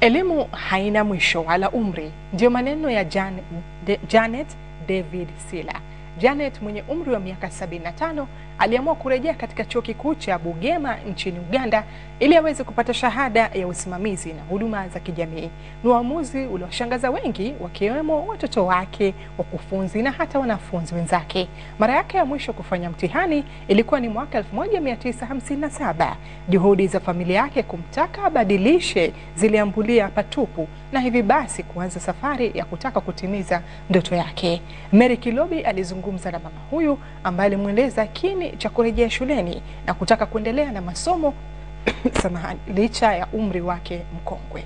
Elimu haina mwisho wala umri, ndiyo maneno ya Jan, de, Janet David Sila Janet mwenye umri wa miaka 75 aliamua kurejea katika chuo kikuu cha Bugema nchini Uganda ili aweze kupata shahada ya usimamizi na huduma za kijamii. Ni uamuzi uliowashangaza wengi, wakiwemo watoto wake, wakufunzi na hata wanafunzi wenzake. Mara yake ya mwisho kufanya mtihani ilikuwa ni mwaka 1957. Juhudi za familia yake kumtaka abadilishe ziliambulia patupu na hivi basi kuanza safari ya kutaka kutimiza ndoto yake. Mary Kilobi alizungumza amezungumza na mama huyu ambaye alimweleza kini cha kurejea shuleni na kutaka kuendelea na masomo samahani, licha ya umri wake mkongwe.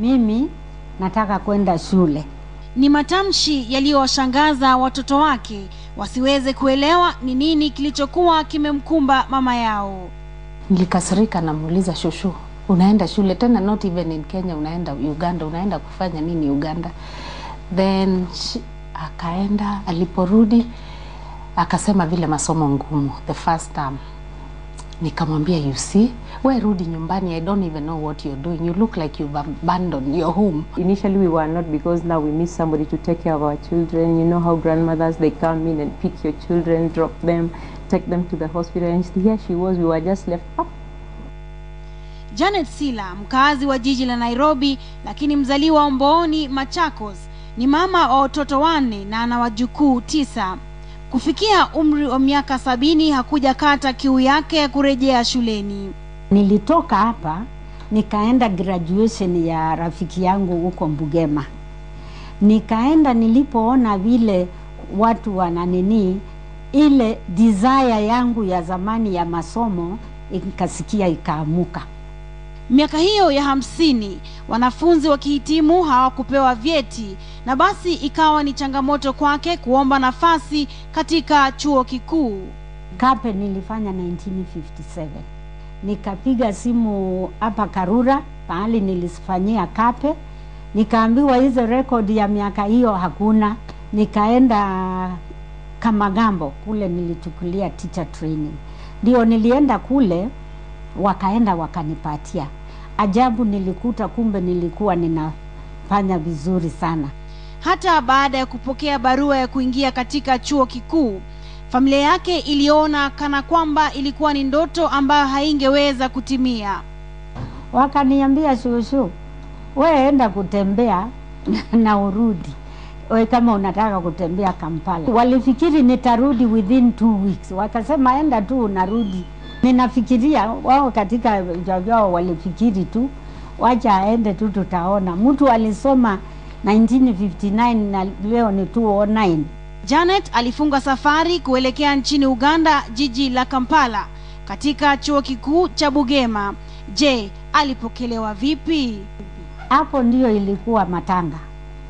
Mimi nataka kwenda shule. Ni matamshi yaliyowashangaza watoto wake wasiweze kuelewa ni nini kilichokuwa kimemkumba mama yao. Nilikasirika, namuuliza shushu, unaenda shule tena? Not even in Kenya, unaenda Uganda, unaenda kufanya nini Uganda? Then she, akaenda, aliporudi akasema vile masomo ngumu the first term. Nikamwambia, you see, we rudi nyumbani, I don't even know what you're doing, you look like you've abandoned your home. Initially we were not because now we miss somebody to take care of our children. You know how grandmothers they come in and pick your children, drop them, take them to the hospital and here she was, we were just left up ah. Janet Sila, mkazi wa jiji la Nairobi lakini mzaliwa wa Mbooni, Machakos, ni mama wa watoto wanne na ana wajukuu tisa. Kufikia umri wa miaka sabini hakuja kata kiu yake ya kurejea shuleni. Nilitoka hapa nikaenda graduation ya rafiki yangu huko Mbugema, nikaenda nilipoona vile watu wananini ile desire yangu ya zamani ya masomo ikasikia ikaamuka. Miaka hiyo ya hamsini, wanafunzi wakihitimu hawakupewa vyeti na basi ikawa ni changamoto kwake kuomba nafasi katika chuo kikuu. Kape nilifanya 1957 nikapiga simu hapa Karura pahali nilifanyia Kape, nikaambiwa hizo rekodi ya miaka hiyo hakuna. Nikaenda Kamagambo kule nilichukulia teacher training, ndio nilienda kule, wakaenda wakanipatia. Ajabu nilikuta kumbe nilikuwa ninafanya vizuri sana hata baada ya kupokea barua ya kuingia katika chuo kikuu, familia yake iliona kana kwamba ilikuwa ni ndoto ambayo haingeweza kutimia. Wakaniambia, shushu, we enda kutembea na urudi we kama unataka kutembea Kampala. Walifikiri nitarudi within two weeks, wakasema enda tu unarudi. Ninafikiria wao katika vichwa vyao walifikiri tu, wacha aende tu, tutaona. Mtu alisoma 1959 na leo ni 209. Janet alifunga safari kuelekea nchini Uganda, jiji la Kampala, katika chuo kikuu cha Bugema. Je, alipokelewa vipi? Hapo ndiyo ilikuwa matanga,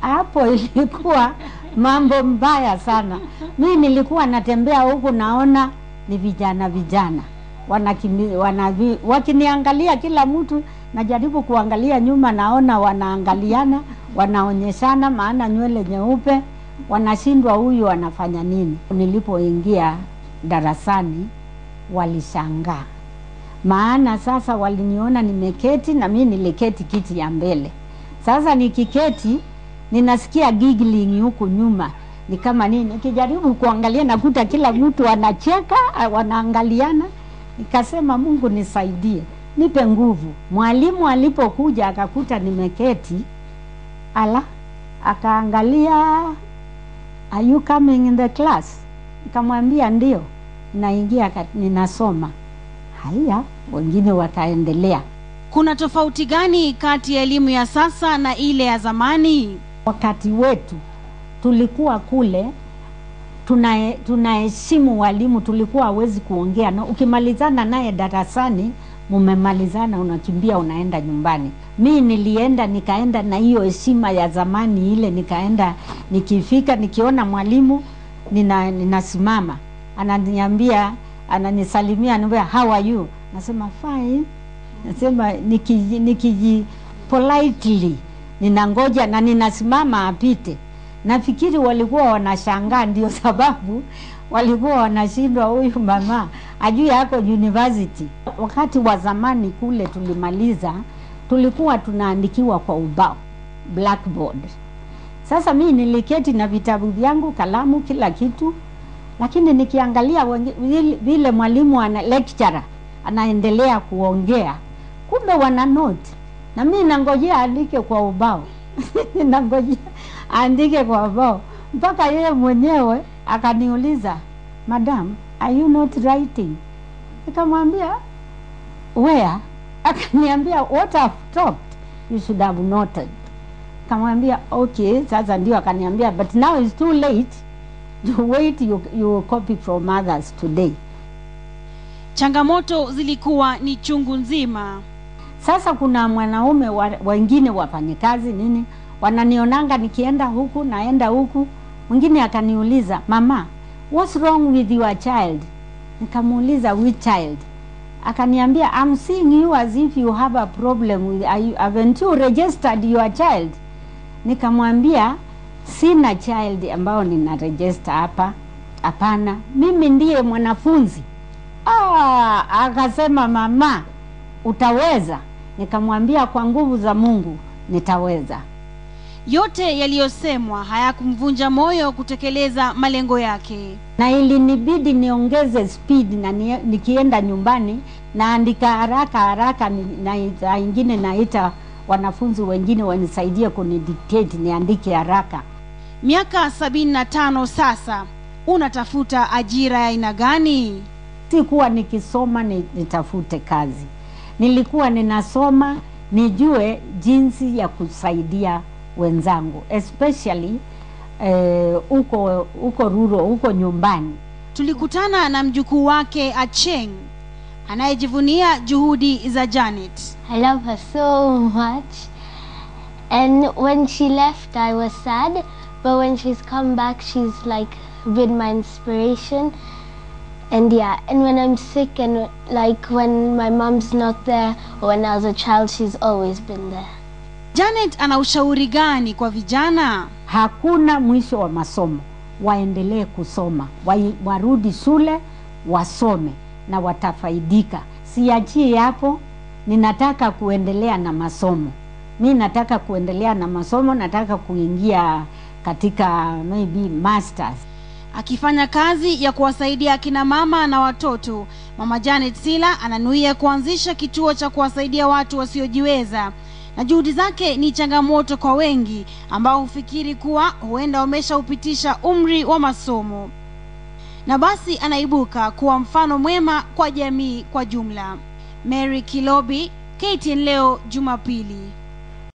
hapo ilikuwa mambo mbaya sana. Mimi nilikuwa natembea huku naona ni vijana vijana wanakimi, wanavi, wakiniangalia kila mtu, najaribu kuangalia nyuma, naona wanaangaliana wanaonyeshana, maana nywele nyeupe, wanashindwa huyu anafanya nini. Nilipoingia darasani walishangaa, maana sasa waliniona nimeketi na mimi niliketi kiti ya mbele. Sasa nikiketi ninasikia giggling huku nyuma, ni kama nini. Nikijaribu kuangalia nakuta kila mtu anacheka, wanaangaliana. Nikasema Mungu nisaidie, nipe nguvu. Mwalimu alipokuja akakuta nimeketi ala akaangalia are you coming in the class? Nikamwambia ndio, naingia ninasoma. Haya, wengine wakaendelea. Kuna tofauti gani kati ya elimu ya sasa na ile ya zamani? Wakati wetu tulikuwa kule tunaheshimu tuna walimu, tulikuwa hawezi kuongea na ukimalizana naye darasani mumemalizana, unakimbia unaenda nyumbani. Mi nilienda nikaenda na hiyo heshima ya zamani ile, nikaenda nikifika, nikiona mwalimu nina, ninasimama ananiambia, ananisalimia, anambia how are you, nasema fine, nasema nikiji, nikiji politely ninangoja na ninasimama apite. Nafikiri walikuwa wanashangaa, ndio sababu walikuwa wanashindwa, huyu mama ajui yako university wakati wa zamani kule tulimaliza, tulikuwa tunaandikiwa kwa ubao blackboard. Sasa mi niliketi na vitabu vyangu, kalamu, kila kitu, lakini nikiangalia vile mwalimu ana lecturer anaendelea kuongea, kumbe wana note na mi nangojea aandike kwa ubao nangojea aandike kwa ubao mpaka yeye mwenyewe akaniuliza, madam, are you not writing? Nikamwambia where? Akaniambia what I've talked you should have noted. kamwambia okay, sasa ndio. Akaniambia but now it's too late to wait, you, you copy from others today. Changamoto zilikuwa ni chungu nzima. Sasa kuna mwanaume wa, wengine kazi nini wananionanga nikienda huku naenda huku. Mwingine akaniuliza mama, what's wrong with your child? Nikamuuliza which child? akaniambia I'm seeing you as if you have a problem with, haven't you registered your child? Nikamwambia sina child ambao nina register hapa, hapana, mimi ndiye mwanafunzi. Ah, akasema mama, utaweza? Nikamwambia kwa nguvu za Mungu nitaweza. Yote yaliyosemwa hayakumvunja moyo kutekeleza malengo yake, na ilinibidi niongeze speed na ni, nikienda nyumbani naandika haraka haraka na saa ingine naita wanafunzi wengine wanisaidie kunidictate niandike haraka. Miaka sabini na tano sasa, unatafuta ajira ya aina gani? Sikuwa nikisoma nitafute kazi, nilikuwa ninasoma nijue jinsi ya kusaidia wenzangu especially huko eh, huko ruro huko nyumbani. Tulikutana na mjukuu wake Acheng anayejivunia juhudi za Janet. I love her so much and when she left I was sad but when she's come back she's like been my inspiration and yeah and when i'm sick and like when my mom's not there or when i was a child she's always been there Janet ana ushauri gani kwa vijana? Hakuna mwisho wa masomo, waendelee kusoma, warudi shule, wasome na watafaidika. Siachie hapo, ninataka kuendelea na masomo. Mi nataka kuendelea na masomo, nataka kuingia katika maybe masters. Akifanya kazi ya kuwasaidia akina mama na watoto, Mama Janet Sila ananuia kuanzisha kituo cha kuwasaidia watu wasiojiweza na juhudi zake ni changamoto kwa wengi ambao hufikiri kuwa huenda wameshaupitisha umri wa masomo, na basi anaibuka kuwa mfano mwema kwa jamii kwa jumla. Mary Kilobi, KTN Leo Jumapili.